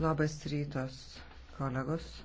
Labas rytas, kolegos.